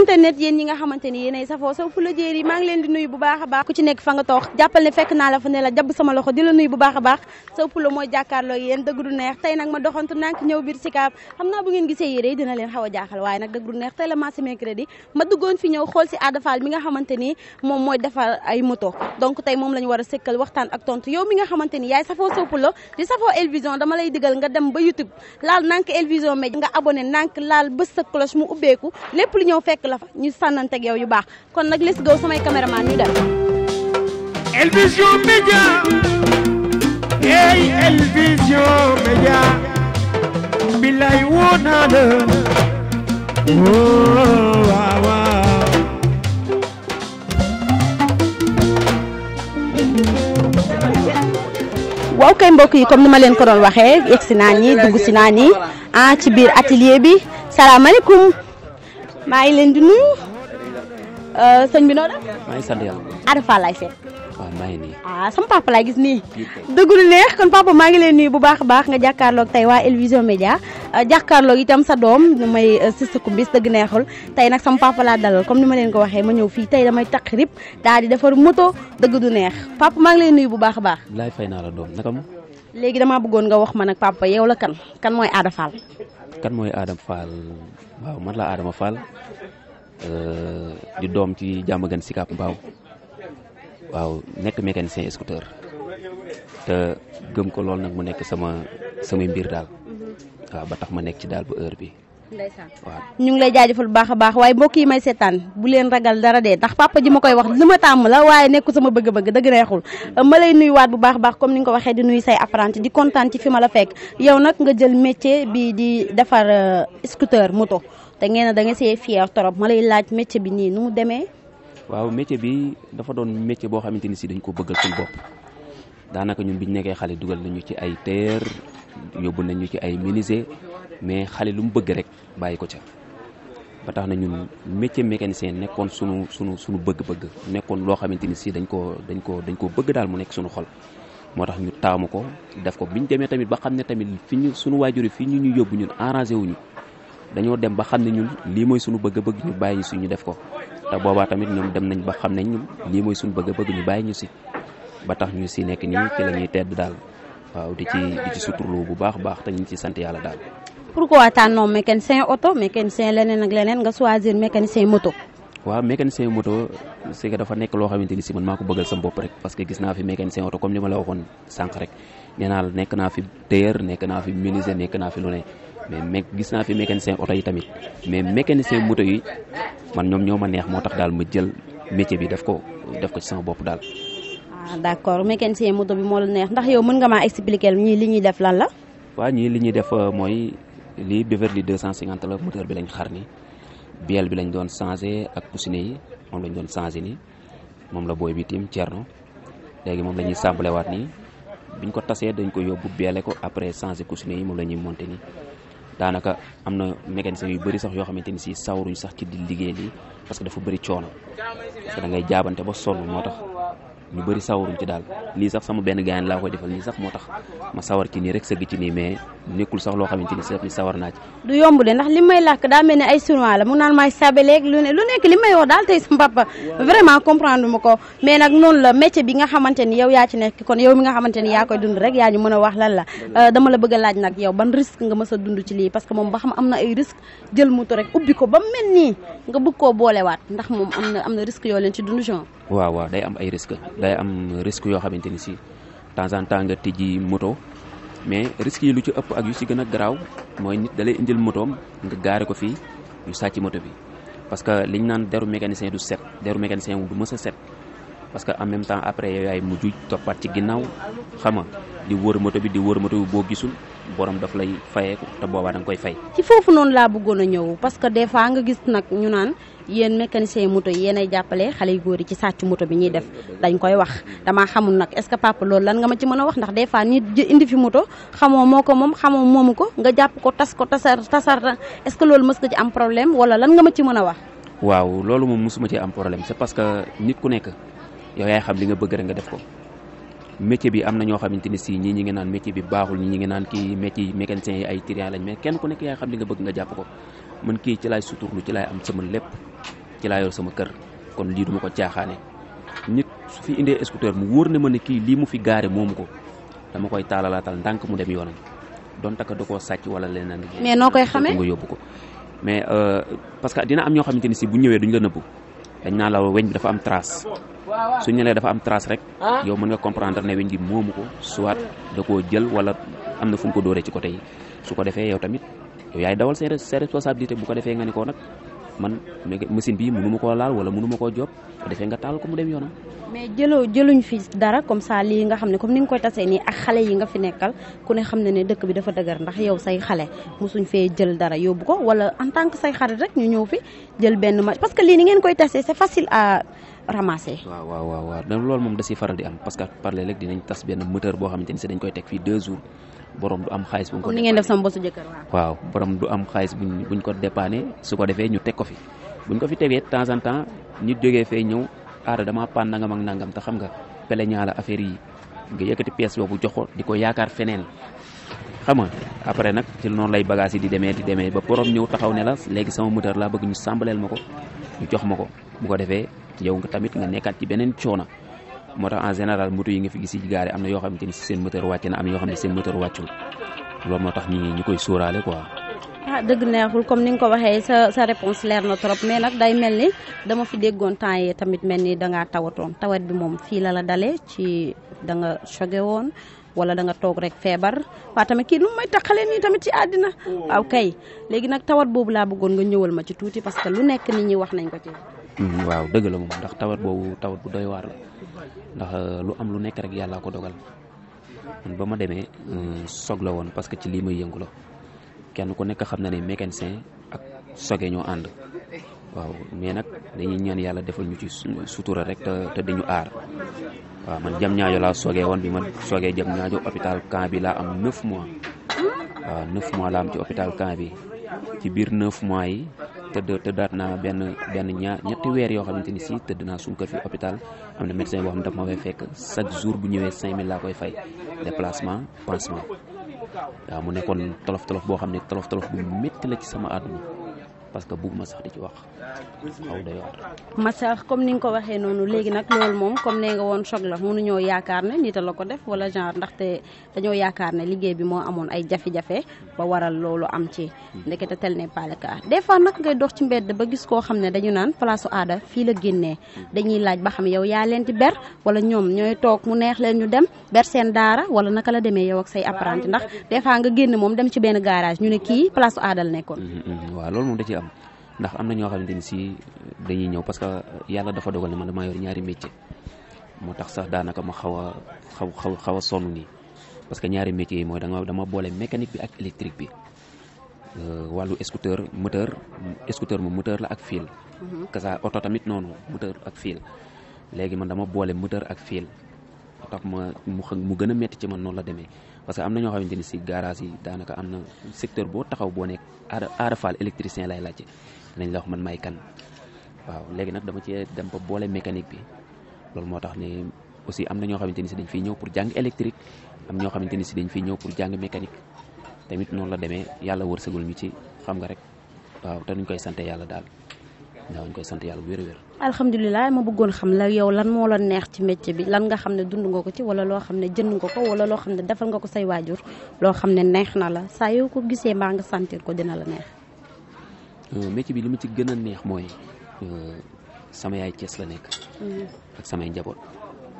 internet yéen ñi nga xamante ni yéenay safoo Sow Fula Diéry maa ngi leen di nuyu a baax ku ci nekk fa nga toog jàppal ne fekk naa la fa ne la a a a safoo Sow di safoo Elvision dama lay digal nga dem ba YouTube laal nànk Elvision mais nga abonné nànk laal bës sa cloche mu ubbeeku lépp lu ñëw fekk la fa ñu sanante ak yow yu baax kon nak let's go samay cameraman ñu dem Elvision Media hey Elvision Media Média bilay woo naa la woo waaw waaw kay mbok yi comme nima len ko don waxe yegsi naa nii dugg si naa ah ci bir atelier bi salaamaaleykum maa ngi leen di nuyu sëñ bi noo def. maa ngi sant yàlla. Ada Fall laay seet. waaw maa ah sama papa laay gis gitu. nii. dëgg lu neex eh, kon papa maa ngi leen nuyu bu baax a baax nga jàkkaarloog tey waa El Vision Média eh, jàkkaarloog itam sa doom may eh, Sista Kumbis dëgg neexul tey nag sama papa laa dalal comme ni ma leen ko waxee ma ñëw fii tay damay taq rib defar moto dëgg du neex papa maa ngi leen nuyu bu baax a baax. laay fay la doom naka ma. léegi damaa bëggoon nga wax ma nag papa yow ya, la kan kan mooy Ada kan mooy aadama Fall waaw man la Adama Fall euh, di doom ci Diamaguène Sicap Mbao waaw nekk mécanicien scooter te gëm ko lool nag mu nekk sama samay mbir daal mm-hmm. waaw ba tax ma nekk ci daal bu heure bi ndeysaan waaw ñu ngi lay jaajëfal bu baax a baax waaye mbokk yi may seetaan bu leen ragal dara de ndax papa ji ma koy wax li ma tàmm la waaye nekku sama bëgg-bëgg dëgg neexul ma lay nuyuwaat bu baax baax comme ni nga ko waxee di nuyu say apprenti di kontaan ci fi ma la fekk yow nag nga jël métier bi di defar euh, scooter moto te ngeen ne da nga see fier trop ma lay laaj métier bi nii nu mu demee waaw métier bi dafa doon métier boo xamante ni si dañ ko bëggal suñu bopp daanaka ñun biñ nekkee xale dugal nañu ci ay terre yóbbu nañu ci ay menuisier mais xale lu mu bëgg rek bàyyi ko ca ba tax na ñun métier mécanicien nekkoon sunu sunu sunu bëgg-bëgg nekkoon loo xamante ni si dañ koo dañ koo dañ koo bëgg daal mu nekk sunu xol moo tax ñu taamu ko def ko bi ñu demee tamit ba xam ne tamit fi ñu sunu waajur yi fii ñu ñu yóbbu ñun arrangé wuñu dañoo dem ba xam ne ñun lii mooy sunu bëgg-bëgg ñu bàyyi ñu si def ko te boobaa tamit ñoom dem nañ ba xam ne ñun lii mooy sunu bëgg-bëgg ñu bàyyi ñu si ba tax ñu si nekk nii ci la ñuy tedd daal waaw di ci di ci suturloo bu baax baax te ñu ci sant yàlla daal pour que tànnoo mécanicien oto mécanicien leneen ak leneen nga choisir mécanicien moto waaw mécanicien moto c'est que dafa nekk loo xamante si man maa ko bëggal sama rek parce que gis naa fi mécanicien oto comme li la waxoon sànq rek nee naa fi fi menuisier fi mais mec gis fi mécanicien yi tamit mais mécanicien moto yi man ñoom ñoo neex moo tax ma jël métier bi def ko def ko ci sama bopp daal ah, d'accord mécanicien moto bi moo la neex ndax yow mën nga maa expliquer ñii li ñuy def lan la waa ñii li def euh, lii Beverly 250 la moteur bi lañ xar ni biel bi lañ doon changé ak poussine yi moom lañ doon changé nii moom la booy bi tim Thierno léegi moom la ñuy sàmbale waat nii ko tasee dañ ko yóbbu biele ko après changé poussine yi moom la ñuy monté nii daanaka am na mécanicien yu bëri sax yoo xamante ni si sawruñ sax ci di liggéey lii parce que dafa bëri coono parce que da ngay jaabante ba sonn moo tax ñu bëri sawaruñ lii sax sama benn gaayan laa koy defal nii sax moo tax ma sawar ci nii rek sëgg ci nii mais nekkul sax loo xamante ni sax ni sawar naa du yomb de ndax li may làkk daa mel ne ay chinois la mu naan maay sabeleeg lu ne lu nekk li may wax daal tey sama vraiment comprendre ma ko mais nag noonu la métier bi nga xamante ni yow yaa ci nekk kon yow mi nga xamante ni yaa koy dund rek yaa ñu mën a wax lan la euh, dama la bëgg a laaj nag yow ban risque nga mës a dund ci lii parce que moom ba xam am na ay risque mu moto rek ubbi ko ba mel nii nga bëgg koo boolewaat ndax moom am na am na risque yoo leen ci dund genre waaw waaw day am ay risque day am risque yoo xamante ni si temps en temps nga tijji moto mais risques yi lu ci ëpp ak yu si gën a garaaw mooy nit da lay indil motoom nga gaare ko fii ñu sàcc moto bi parce que liñ naan deru mécanicien du set deru mécanicien wu du mës set parce que en même temps après yow yaay mujj toppaat ci ginnaaw xam nga di wër moto bi di wër moto bi boo gisul borom daf lay fayeeku te boobaa da koy fay. ci foofu noonu laa bëggoon a ñëw parce que des fois nga gis nag ñu naan yéen mécanicien moto yi yéen ay jàppale xale yu góor yi ci sàcc moto bi ñuy def dañ koy wax damaa xamul nag est ce que papa loolu lan nga ma ci mën a wax ndax des fois nit indi fi moto xamoo moo moom xamoo moomu ko nga jàpp ko tas ko tasar tasar est ce que loolu mës nga ci am problème wala lan nga ma ci mën a wax. waaw loolu moom mosuma ci am problème c'est parce que nit ku nekk yow yaay xam li nga bëgg rek nga def ko. métier bi am na ñoo xamante ni si ñii ñi ngi naan métier bi baaxul ñii ñi ngi naan kii métier mécanicien yi ay trian lañ mais kenn ku nekk yaa xam li nga bëgg nga jàpp ko man kii ci laay suturlu sama lépp kon lii duma ko caaxaane nit su fi indee scooter mu wóor ne ma ne kii lii mu fi gaare moomu ko dama koy taalalaatal ndànk mu dem yoonam don taka da koo sàcc wala leneen mais noo koy xamee nga yóbbu ko mais euh, parce que dina am ñoo xamante ni si bu ñëwee duñ la nëbbu dañ naa la weñ bi dafa am trace su ne lee dafa am trace rek ah. yow mën nga comprendre ne weñ gi moomu ko soit da koo jël wala am na fu mu ko dooree ci côté yi su ko defee yow tamit yow yaay dawal ses responsabilité bu ko defee nga ne ko nag man machine bi mënu ma koo laal wala mënu ma koo job defee nga taal ko mu dem yoonam. mais jëloo jëluñ fi dara comme ça lii nga xam ne comme ni nga koy tasee nii ak xale yi nga fi nekkal ku ne xam ne ne dëkk bi dafa dëgër ndax yow say xale mosuñ fee jël dara yóbbu ko wala en tant que say xarit rek ñu ñëw fi jël benn ma parce que lii ni ngeen koy tasee c'est facile à ramasser. waaw waaw waaw waaw moom da faral di am parce que parler rek dinañ tas benn moteur boo xamante ni dañ koy teg fii deux jours. borom du am xaalis buñ ko ni ngeen def sama bossu jëkkër waaw borom du am xaalis buñ buñ ko dépané su ko ñu ko fi buñ ko fi temps en temps dama pan nangam ak nangam ta xam nga pele ñaala affaire yi nga yëkkati pièce boobu jox ko di ko yaakaar xam après nag ci lay bagage di demee di demee ba borom ñëw taxaw ne la léegi sama moteur laa bëgg ñu sambaleel ma ko ñu jox ma ko bu ko defee yow nga tamit nga ci moo tax en général moto yi nga fi gis yi am na yoo xamante seen moteur wàcc na moo tax ñi koy sóoraale quoi. ah dëgg neexul comme ni nga ko waxee sa sa réponse leer na trop mais nag day mel ni dama fi déggoon temps yi tamit mel ni da ngaa tawatoon tawat bi moom fii la la dalee ci da nga choge woon wala da nga toog rek feebar waa tamit ki nu may taxalee nii tamit ci àddina. waaw oh. kay léegi nag tawat boobu laa bëggoon nga ñëwal ma ci tuuti parce que lu nekk nit ñi wax nañ ko ci. Mm, waaw dëgg la moom ndax tawat boobu tawat bu doy waar la ndax euh, lu am lu nekk rek yàllaa ko dogal man ba ma demee euh, sog la woon parce que ci lii may yëngu la kenn ku nekk xam na ni mécanicien ak soge ñoo ànd waaw mais nag dañuy ñaan yàlla defal ñu ci sutura rek te dañu aar waaw man jam ñaajo laa soge woon bi ma sogee jam ñaajo hopital camp bi laa am neuf mois waaw neuf mois laa am ci hopital camp bi ci biir neuf mois yi tëdd tëddaat naa benn benn ñaar ñetti weer yoo xamante ni si tëdd naa suñu kër fi hôpital am na médecin boo xam ne daf ma fekk chaque jour bu ñëwee 5000 laa koy fay déplacement pansement waaw mu nekkoon tolof tolof boo xam ne tolof tolof bu métti la ci sama àdduna parce que ma sax di ci wax xaw doy comme ni nga ko waxee noonu léegi nag loolu moom comme nee nga woon choc la mënuñoo yaakaar ne nit a la ko def wala genre ndaxte dañoo yaakaar ne liggéey bi moo amoon ay jafe-jafe ba waral loolu am ci. ndekete tel n'est pas le cas des fois nag ngay dox ci mbedd ba gis koo xam ne dañu naan place aada fii la génnee dañuy laaj ba xam yow yaa leen di ber wala ñoom ñooy toog mu neex leen ñu dem ber seen daara wala naka la demee yow ak say apprenti ndax des fois nga génn moom dem ci benn garage ñu ne kii place aada la nekkoon. Mm-hmm. Mm-hmm. am ndax am na ñoo xamante ni si euh, dañuy ñëw parce que euh, yàlla dafa dogal ne man damaa yor ñaari métier moo tax sax daanaka ma xaw a xaw xaw xaw a sonn nii parce que ñaari métier yi mooy dama dama boole mécanique bi ak électrique bi euh, wàllu scooter moteur scooter moom moteur la ak fiil mhm. kasa oto tamit noonu moteur ak fiil léegi man dama boole moteur ak fiil tax ma mu xëy mu gën a métti ci man noonu la demee parce que am na ñoo xamante ni si garage yi daanaka am na secteur boo taxaw boo nekk aar aarfaal électricien lay laajte dinañ la wax man may kan waaw léegi nag dama cee dem ba boole mécanique bi loolu moo tax ne aussi am na ñoo xamante ni si dañ fiy ñëw pour jàng électrique am ñoo xamante ni si dañ fiy ñëw pour jàng mécanique tamit noonu la demee yàlla wërsëgul ñu ci xam nga rek waaw te koy sante yàlla daal. waaw koy sant yàlla bu wér ma bëggoon xam la yow lan moo la neex ci métier bi lan nga xam ne dund nga ko ci wala loo xam ne jënd nga ko wala loo xam ne defal nga ko say waajur loo xam ne neex na la saa yoo ko gisee maa nga sentir ko dina la neex. Euh, métier bi li ma ci gën a neex mooy euh, sama yaay Cees la nekk. Mhm. ak samay njaboot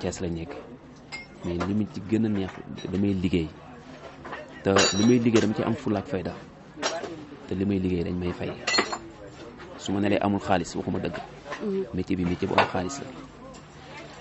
Cees la nekk mais li ma ci gën a neex damay liggéey te li may liggéey dama ci am fulaak fayda te li may liggéey dañ may fay. suma ne nelee amul khalis waxuma deug métier bi métier bu am xaalis la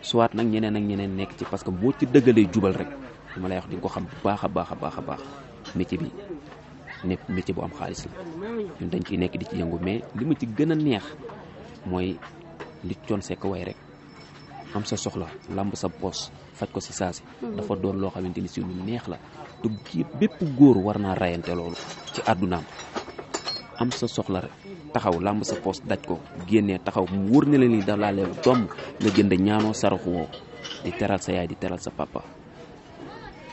soit nak ñeneen ak ñeneen nek ci parce que bo ci deugale jubal rek dama lay wax di ko xam bu baaxa baaxa baaxa baax métier bi ne métier bu am xaalis la ñun dañ ci nek di ci yëngu mais li ci gëna neex moy li way rek am sa soxla lamb sa poos faj ko ci sasi dafa doon lo xamanteni ci ñu neex la du bepp goor warna rayante lolu ci am sa soxla rek taxaw làmb sa poos daj ko génne taxaw mu wóor ne la ni daf laa leew doom nga jënd ñaanoo saraxu di teral sa yaay di teral sa papa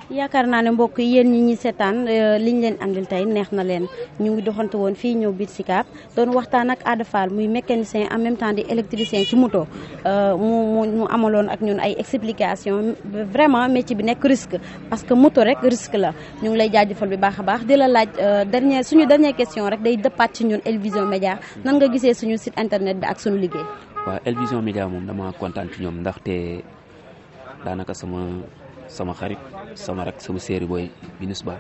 yaakaar naa ne mbokk yéen ñi ñi seetaan euh, liñ leen andil tey neex na leen ñu ngi doxante woon fii ñëw biir Sicap doon waxtaan ak Ada Fall muy mécanicien en même temps di électricien ci moto euh, mu mu amaloon ak ñun ay explication vraiment métier bi nekk risque parce que moto rek risque la ñu ngi lay jaajëfal bi baax a baax di la laaj euh, dernier suñu dernière question rek day dëppaat ci ñun Elvision Média nan nga gisee suñu site internet bi ak suñu liggéey waaw Elvision Média moom dama kontaan ci ñoom ndaxte daanaka sama sama xarit sama rek sama série boy ba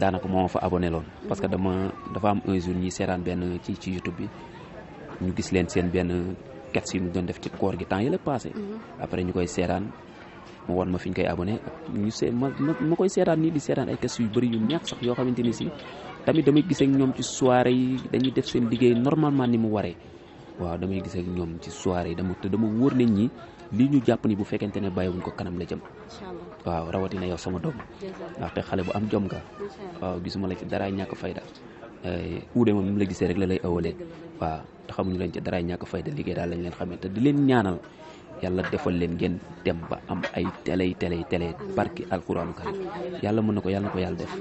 danaka mo fa abonné lon parce que dama dafa am un jour ñi sétane ben ci ci youtube bi ñu gis len sen ben kat ci ñu doon def ci koor gi temps yele passé mhm. après ñukoy sétane mo won ma fiñ koy abonné ñu sé ma koy sétane ni di sétane ay kat yu bari yu neex sax yo xamanteni ci tamit damay gis ak ñom ci soirée yi dañuy def sen liggéey normalement ni mu waré waaw damay gis ak ñom ci soirée dama te dama wër nit ñi lii ñu jàpp ni bu fekkente ne bàyyiwuñ ko kanam la jëm waaw rawatina yow sama doom ndaxte xale bu am jom nga waaw gisuma la ci daraay ñàkk fayda eh, uude moom mu la gisee rek la lay awalee waaw te xamuñu leen ci daraay ñàkk fayda liggéey daal lañ leen xamee te di leen ñaanal yàlla defal leen ngeen dem ba am ay télé télé télé barki alquranu karim yàlla mën na ko yàlla na ko yàlla def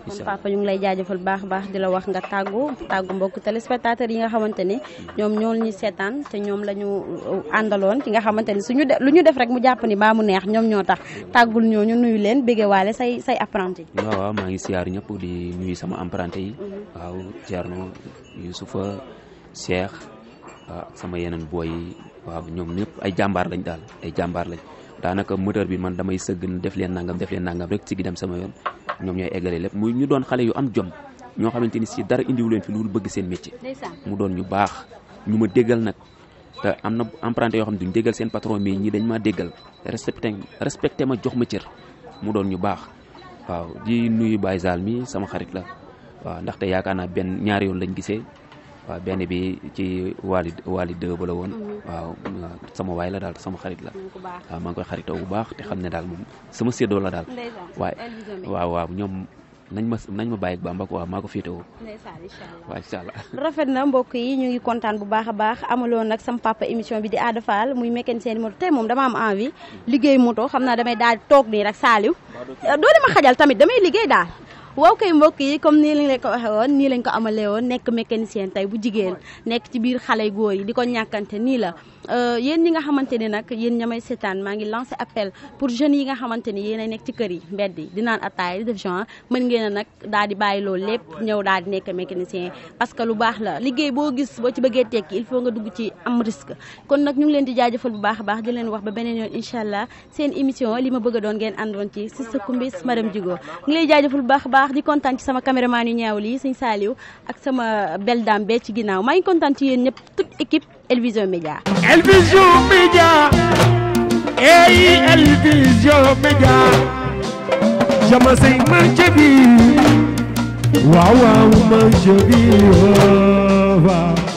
kon papa ñu ngi lay jaajëfal baax baax di la wax nga tàggu tàggu mbokk téléspectateurs yi nga xamante ni ñoom ñoo ñu seetaan te ñoom la ñu uh, àndaloon ci nga xamante ni su ñu suñu lu ñu def rek mu jàpp ni baa mu neex ñoom ñoo tax tàggul ñoo ñu nuyu leen bégewaale say say apprenti waaw waaw maa ngi siyaar ñëpp di nuyu sama apprenti yi mhm. waaw Thierno Youssoufa Cheikh waaw sama yeneen booy yi waaw ñoom ñépp ay jàmbaar lañ daal ay jàmbaar lañ danaka moteur bi man damay seug na def len nangam def len nangam rek ci gidam sama yoon ñom ñoy égalé lepp muy ñu doon xalé yu am jom ño xamanteni ci dara indi wu len fi lu bëgg seen métier mu doon ñu bax ñu ma déggal nak té amna emprunté yo xam duñ déggal seen patron mais ñi dañ ma déggal respecté respecté ma jox ma cër mu doon ñu bax waaw di nuyu Baye zalmi sama xarit la waaw té yaaka na ben ñaar yoon lañu gisé waaw benn bi ci waali waali deux ba la woon mhm. waaw sama waay la daal sama xarit la mhm, waaw maa ngi koy xaritoo bu baax te xam ne daal moom sama séddoo la daal waaye waaw waaw ñoom nañ ma nañ ma bàyyi Bamba quoi maa ko féetewoo. woo incha allah waaw rafet na mbokk yi ñu ngi kontaan bu baax a baax amaloon nag sam papa émission bi di Ada Fall muy mécanicien moto tey moom dama am envie liggéey moto xam naa damay daal toog nii rek saaliw. doo ma xajal tamit damay liggéey daal. waaw kay mbokk yi comme nii lañ leen ko waxee woon nii lañ ko amalee woon nekk mécanicien tey bu jigéen nekk ci biir xale góor yi di ko ñàkkante nii la Euh, yéen ñi nga xamante ne nag yéen ñamay seetaan maa ngi lancé appel pour jeunes yi nga xamante ni yéen a nekk ci kër yi mbedd yi di naan ataay di def genre mën ngeen a nag daal di bàyyi loolu lépp daal di nekk parce que lu baax la liggéey boo gis boo ci bëggee tekki il faut nga dugg ci am risque kon nag ñu ngi leen di jaajëfal bu baax a baax di leen wax ba beneen incha allah seen li ma bëgg a doon ngeen àndoon ci si sa kumbis baax a baax di kontaan ci sama caméraman yu ñaaw lii sëñ Saliou ak sama belle dame bee ci ginnaaw maa ngi kontaan ci yéen ñëpp toute équipe Elvision Média. Elvision Média. Hey, Elvision Média. Jama say manje bi. Waouh wow manje bi. Oh, wow.